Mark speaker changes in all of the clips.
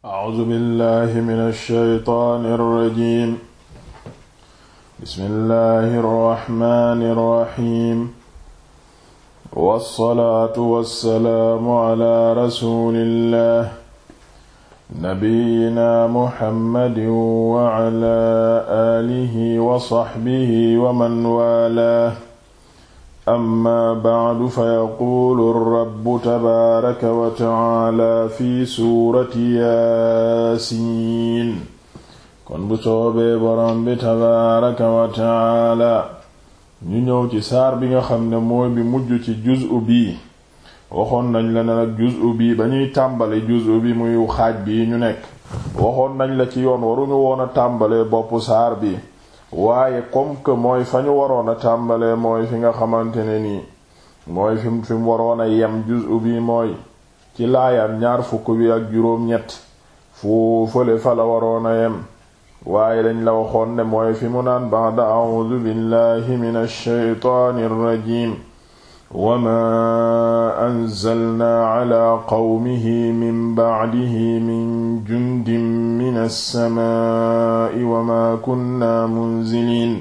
Speaker 1: A'uuzu billahi mina shaytaani rajiim. Bismillahi rahmaani rahiim. Wassalaatu wassalaamu ala rasuulillah. Nabiyyina Muhammadin wa ala aalihi wa sahbihi wa man waalaahu. amma bacdu fayaquulu rabbu tabaaraka wa tacaala fi suurati yaasiin kon bu soobee boroom bi tabaaraka wa tacaala ñu ñëw ci saar bi nga xam ne mooy bi mujj ci juzu bi waxoon nañ la ne nag juzu bi ba ñuy tàmbali juzu bi muy xaaj bi ñu nekk waxoon nañ la ci yoon waruñu woon a tàmbalee boppu saar bi waaye comme que mooy fa ñu waroon a tàmbalee mooy fi nga xamante ne nii mooy fi fi mu waroon a yem juzu bi mooy ci laayam ñaar fukk bi ak juróom-ñett fu fële fa la waroon a yem waaye dañ la waxoon ne mooy fi mu naan ba'da a'uudu billahi minash shaytaanir rajiim wama anzalna ala qawmihi min bacdihi min jundin min alsamaai wama kunna munzilin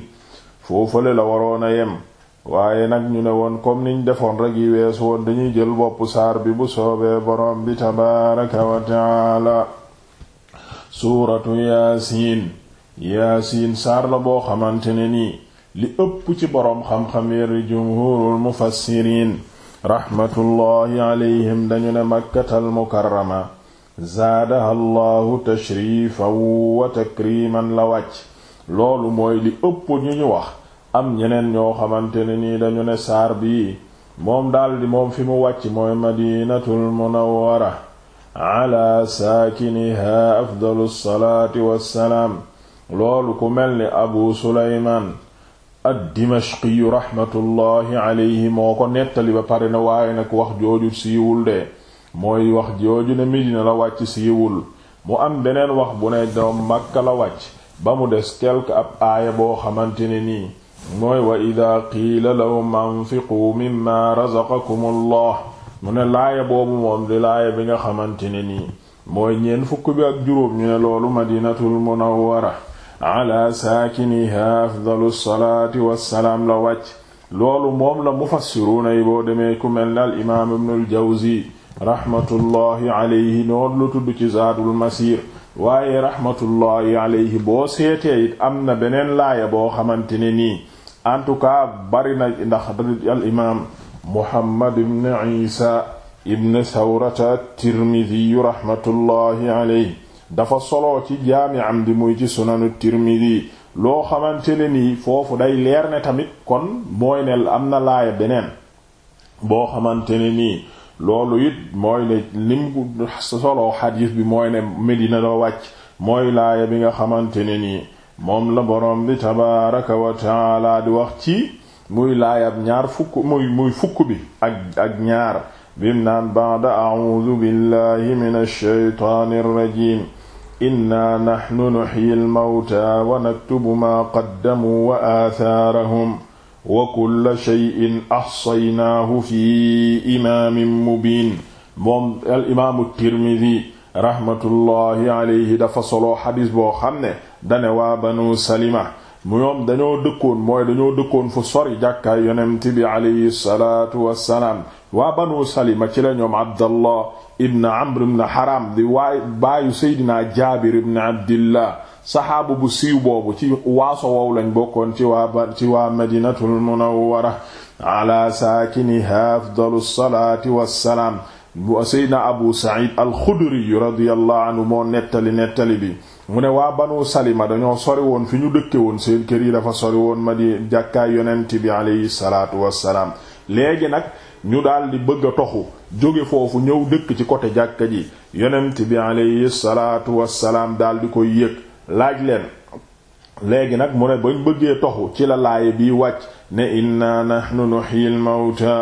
Speaker 1: foofale la waroona a yem waaye nag ñu ne woon comme niñ defoon rek yi wees woon dañuy jël bopp saar bi bu soobee boroom bi tabaaraka wa taala suuratu yaasiin yaasiin saar la boo xamante ne nii li ëpp ci boroom xam-xam yi jumhurul mufassiriin raxmatullahi alayhim dañu ne makkatal mukarrama zaadaha allahu tashrifan wa takriman la wàcc loolu mooy li ëpp ñu ñu wax am ñeneen ñoo xamante ne nii dañu ne saar bi moom daldi moom fi mu wàcc mooy madinatul munawwara ala saakiniha afdalu salaati wassalaam loolu ku mel ni abu suleymaan ad-Dimashqiyu raxmatullahi alayhi moo ko nettali ba pare na waaye nag wax jooju siiwul de mooy wax jooju ne Medina la wàcc siiwul mu am beneen wax bu ne doom Makka la wàcc ba mu des quelque ab aaya boo xamante ne nii mooy wa ida qiila lahum anfiqu mimma razaqakum allah mu ne laaya boobu moom di laaya bi nga xamante ne nii mooy ñeen fukk bi ak juróom ñu ne loolu Madinatul Munawwara ala saakiniha afdalu salaati wassalaam la wàcc loolu moom la mufassiruuna yi boo demee ku mel ne al imaam ibnul jawzi rahmatullahi alayhi noonu lu tudd ci zaadul masiir waaye rahmatullahi alayhi boo seetee it am na beneen laaya boo xamante ne nii en tout cas bari na ndax al imaam muhammad ibn isa ibn sawrata at-tirmidhi rahmatullahi alayhi dafa solo ci jaami am di muy ci sunanu tirmidi loo xamante ne nii foofu day leer ne tamit kon mooy ne am na laaya beneen boo xamante ne nii loolu it mooy ne lim soloo xadiis bi mooy ne Medina loo wàcc mooy laaya bi nga xamante ne nii moom la borom bi tabaaraka wa di wax ci muy laayab ñaar fukk muy fukk bi ak ñaar bim naan ba'da a'uudu billahi minash shaytaanir rajiim inna naxnu nuxyi almawta wa naktubu maa qaddamuu wa aasaarahum wa kulla sheyin axsaynaahu fi imaamin mubiin moom al imaamu tirmidi raxmatullahi alayhi dafa solo xadis boo xam ne dane waa banu salima ñoom dañoo dëkkoon mooy dañoo dëkkoon fu sori jàkkaay yonent bi alayhi salaatu salaam waa banu ma ci la ñoom abdallah ibn amr ibn haram di waay baayu seydinaa jaabir ibn abdillah saxaabu bu siiw boobu ci waaso wow lañ bokkoon ci waa ba ci waa madinatul munawwara ala saakiniha afdalu salaati wassalaam bu seydinaa abu sa'id al-xudri radiyallahu anhu moo nettali nettali bi mu ne waa banu salima dañoo sori woon fi ñu dëkke woon seen kër yi dafa sori woon ma di jàkkaay yonent bi aleyhi salaatu wassalaam léegi nag ñu daal di bëgg a toxu jóge foofu ñëw dëkk ci côté jàkka ji yonent bi aleyhi salaatu wassalaam daal di koy yëg laaj leen léegi nag mu ne bañ bëggee toxu ci la laaya bi wàcc ne inna nahnu nuhyil mawta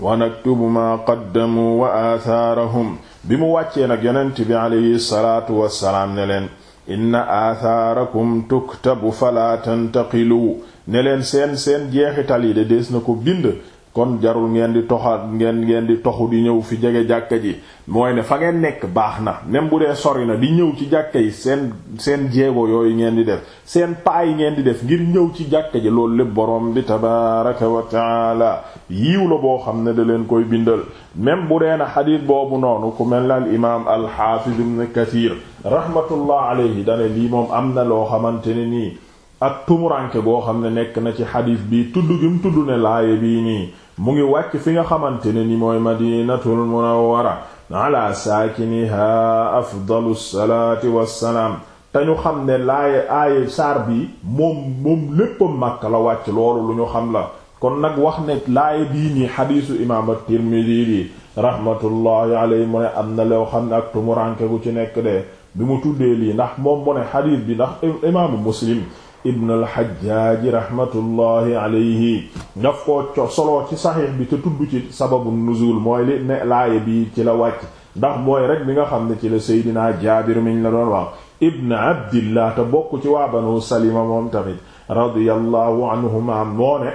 Speaker 1: wa naktubu ma qaddamu wa athaarahum bi mu wàccee nag yonent bi aleyhi salaatu wassalaam ne leen inna aasaarakum tuktabu fala tantaqilu ne leen seen seen jeexital yi de dees na ko bind kon jarul ngeen di toxaat ngeen ngeen di toxu di ñëw fi jege jàkka ji mooy ne fa ngeen nekk baax na même bu dee sori na di ñëw ci jàkka yi seen seen jéego yooyu ngeen di def seen paa yi ngeen di def ngir ñëw ci jàkka ji loolu lépp borom bi tabaraka wa taala yiiw la boo xam ne da leen koy bindal même bu dee na xadiis boobu noonu ku mel na al imaam al xaafiz ibn kathir rahmatullah alayhi dane lii moom am na loo xamante ne nii ak tumuranke boo xam ne nekk na ci xadiis bi tudd gi tudd ne bii nii mu ngi wàcc fi nga xamante ne ni mooy madinatul munawwara ala saakiniha afdalu salaati wassalaam te ñu xam ne laaye aaye saar bi moom moom lépp Makka la wàcc loolu lu ñu xam la kon nag wax ne laaye bii nii xadiisu imaam at-Tirmidhi bi rahmatullahi alayhi mu ne am na loo xam ne ak tumuranke gu ci nekk de bi mu tuddee lii ndax moom mu ne xadiis bi ndax imaamu Muslim ibn al-Hajjaj rahmatullahi alayhi daf ko soloo ci saxiix bi te tudd ci sababu nuzul mooy li ne laaya bi ci la wàcc ndax mooy rek bi nga xam ne ci la seydinaa jaabir miñ la doon wax ibn abdillah te bokk ci waa banu salima moom tamit radiyallahu anhuma moo ne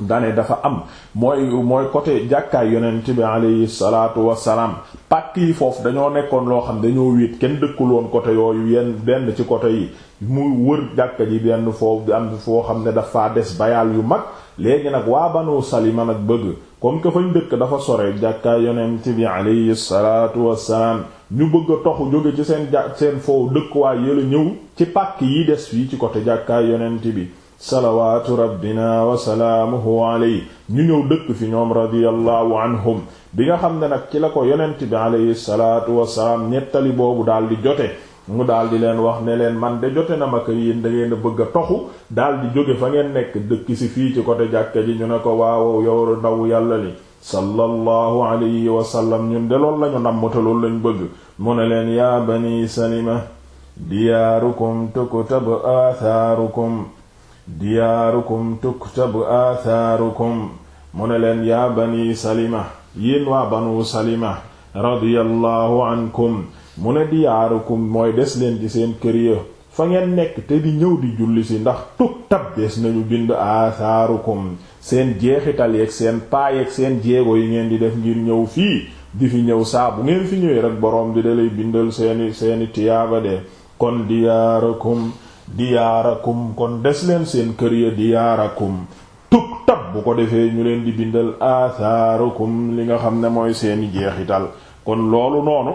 Speaker 1: dane dafa am mooy mooy côté jàkkaay yonent bi alayhi salaatu wassalaam pàkk yi foofu dañoo nekkoon loo xam dañoo wit kenn dëkkul woon côté yooyu yenn benn ci côté yi mu wër jàkka ji benn foofu am foo xam ne dafa des bayaal yu mag léegi nag waa banu salima nag bëgg comme que fañ dëkk dafa sore jàkkaay yonent bi alayhi salaatu wassalaam ñu bëgg a toxu jóge ci seen ja seen foofu dëkkuwaay ñëw ci pàkk yi des fii ci côté jàkkaay yonent bi salawaatu rabbina wa salaamuhu alayhi ñu ñëw dëkk fi ñoom radiyallahu anhum bi nga xam ne nag ci la ko yonent bi alayhi salaatu wasalaam ñettali boobu daal di jote mu daal di leen wax ne leen man de jote na ma ko yéen da ngeen bëgg a toxu daal di jóge fa ngeen nekk dëkk si fii ci côté jàkka ji ñu ne ko waaw yow ndaw yàlla li sallallahu alayhi wa sallam ñun de loolu lañu nammata loolu lañ bëgg mu ne leen yaa bani salima diyaarukum tukutab athaarukum diyaarukum tuktabu athaarukum mu ne leen yaa bani salima yéen waa banu salima radiyallahu ankum mu ne diyaarukum mooy des leen ci seen kër ya fa ngeen nekk te di ñëw di julli si ndax tuktab des nañu bind athaarukum seen jeexital yeeg seen paayeeg seen jéego yi ngeen di def ngir ñëw fii di fi ñëw saabu ngeen fi ñëwee rek boroom di dalay bindal seeni seeni tiyaaba de kon diyaarukum diyaarakum kon des leen seen kër ya diyaarakum tuktab bu ko defee ñu leen di bindal athaarukum li nga xam ne mooy seeni jeexital kon loolu noonu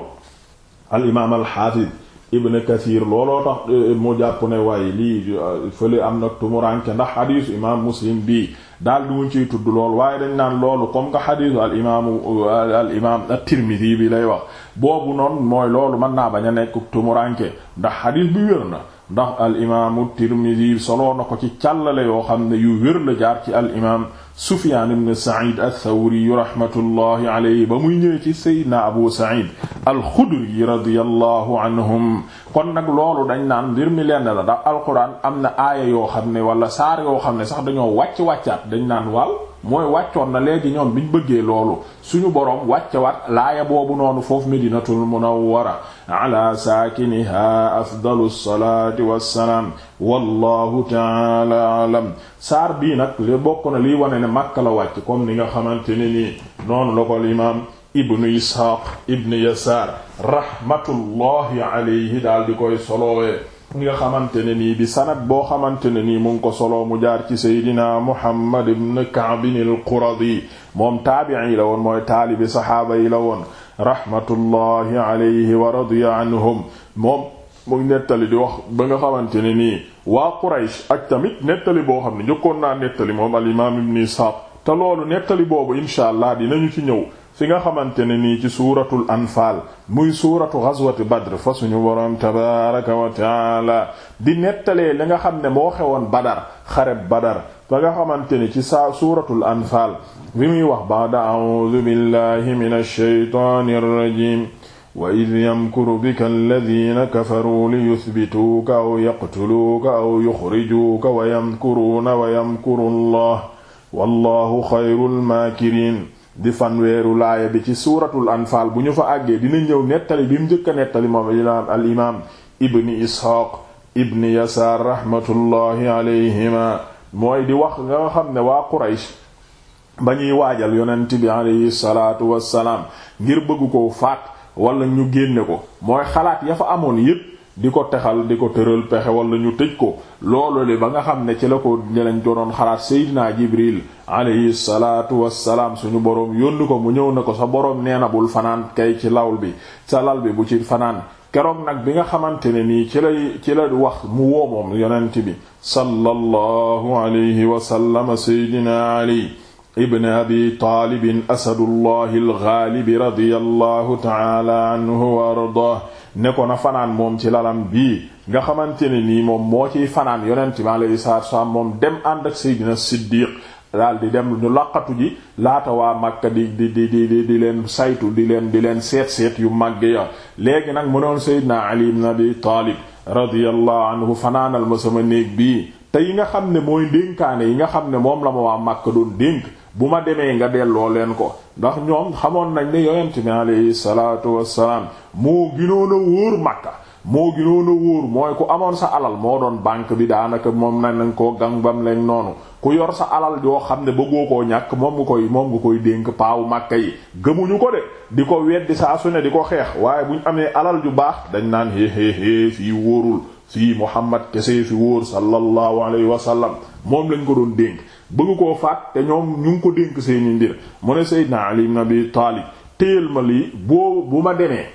Speaker 1: al imaam al xaafid ibn kathir looloo tax eh, mu jàpp na waaye lii eh, fële am na tumuranke ndax xadiisu imaam muslim bi daal di wuñ ciy tudd lool waaye dañ naan loolu comme que xadiisu al imaamu eh, al imaam at-tirmidhi bi lay wax boobu noonu mooy loolu mën naa bañ a nekk tumuranke ndax xadiis bi wér na ndax al imaamu tirmidi soloo na ko ci càllale yoo xam ne yu wér la jaar ci al imaam sufyaan ibn said althawri rahmatullahi alayhi ba muy ñëwee ci seydna abu said alxudri radiyallahu anhum kon nag loolu dañ naan mbir mi na la ndax alquran am na aaya yoo xam ne wala saar yoo xam ne sax dañoo wàcc wàccaat dañ naan waal mooy wàccoon na léegi ñoom biñ bëggee loolu suñu boroom wàccewaat laaya boobu noonu foofu medinatul munawwara ala saakiniha afdalu salaati wassalaam wallahu taala alam saar bii nag li bokk na liy wane ne Makka la wàcc comme ni nga xamante ne nii noonu la ko imaam ibnu ishaaq ibnu yasaar rahmatullahi alayhi daal di koy solowee nga xamante ne nii bi sanad boo xamante ne nii mu ko soloo mu jaar ci seydina Muhammad ibn Ka'b al-Quradi moom taabi'i la woon mooy taalibi saxaaba yi la woon rahmatullahi alayhi wa radiya anhum moom mu nettali di wax ba nga xamante ne nii waa Quraysh ak tamit nettali boo xam ne njëkkoon naa nettali moom al imaam ibn Isaaq te loolu nettali boobu insha allah dinañu ci ñëw fi nga xamante ne nii ci suuratul anfaal muy suuratu ghazwati badr fa suñu boroom tabaaraka wa taala di nettalee li nga xam ne moo xewoon badar xareb badar fa nga xamante ne ci saa suuratul anfaal bi muy wax ba'da a'uudu billahi minash shaytaanir rajiim wa id yamkuru bika alladina kafaruu liyuthbituuka aw yaqtuluuka aw yuxrijuuka wa yamkuruuna wa yamkuru allah wallahu xayrul maakiriin di fanweeru laaya bi ci suuratul anfaal bu ñu fa àggee dina ñëw nettali bi mu njëkk a nettali moom al imaam ibni isxaaq ibni yasaar rahmatullahi alayhima mooy di wax nga xam ne waa quraysh ba ñuy waajal yonent bi alayhi salaatu wassalaam ngir bëggu ko faat wala ñu génne ko mooy xalaat ya fa amoon yépp di ko texal di ko tëral pexe wala ñu tëj ko loolu li ba nga xam ne ci la ko ñelañ doonoon xalaat Seydina Jibril alayhi salaatu wassalaam suñu boroom yónni ko mu ñëw na ko sa boroom nee na bul fanaan kay ci lawl bi sa lal bi bu ci fanaan keroog nag bi nga xamante ne nii ci la ci la wax mu woo moom yonent bi sallallahu alayhi wa sallam Seydina ibn abi taalibin asadullahi alxaalibi radiyallahu taala anhu wa ardah ne ko na fanaan moom ci lalam bi nga xamante ne nii moom moo ciy fanaan yonent bi alayhi salaatu wa salaam moom dem ànd ak seydina siddiq daal di dem ñu laqatu ji laata waa Makka di di di leen saytu di leen di leen seet seet yu màgg ya léegi nag mu doon seydina ali ibn abi taalib radiyallahu anhu fanaanal ma sama néeg bi te yi nga xam ne mooy ndénkaane yi nga xam ne moom la ma waa Makka doon dénk bu ma demee nga delloo leen ko ndax ñoom xamoon nañ ne yonent bi alayhi salaatu wassalaam moo ginoon a wóor Makka moo ginoon wóor mooy ku amoon sa alal moo doon banque bi daanaka moom nañ nañ koo gang bam noonu ku yor sa alal yoo xam ne bëggoo koo ñàkk moom nga koy moom nga koy dénk paawu Makka yi gëmuñu ko de di ko weddi saa su di ko xeex waaye bu ñu amee alal ju baax dañ naan héhéhé fii wóorul fii Muhammad kese fi wóor sallallahu alayhi wa sallam moom lañ ko doon dénk bëgg koo faat te ñoom ñu ngi ko dénk seeni ndir mu ne Seydina Ali na bi Taalib téyel ma lii boo bu ma demee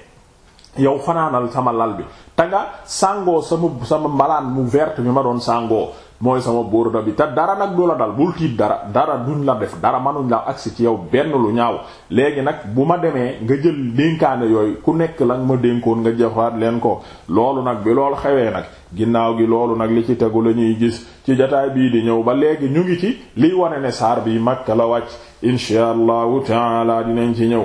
Speaker 1: yow fanaanal sama lal bi te nga sàngoo sama sama mbalaan mu verte bi ma doon sangoo mooy sama burda bi te dara nag du la dal bul tiit dara dara duñ la def dara manuñ la agsi ci yow benn lu ñaaw léegi nag bu ma demee nga jël dénkaane yooyu ku nekk la ma dénkoon nga jëfaat leen ko loolu nag bi loolu xewee nag ginnaaw gi loolu nag li ci tegu la ñuy gis ci jataay bii di ñëw ba léegi ñu ngi ci liy wane ne saar bi mag Makka la wàcc insha allahu taala dinañ ci ñëw